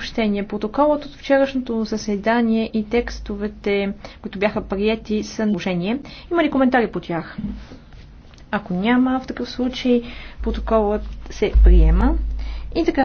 прощение. Протоколът от вчерашното заседание и текстовете, които бяха приети, са положение. Има ли коментари по тях? Ако няма, в такъв случай протоколът се приема. И така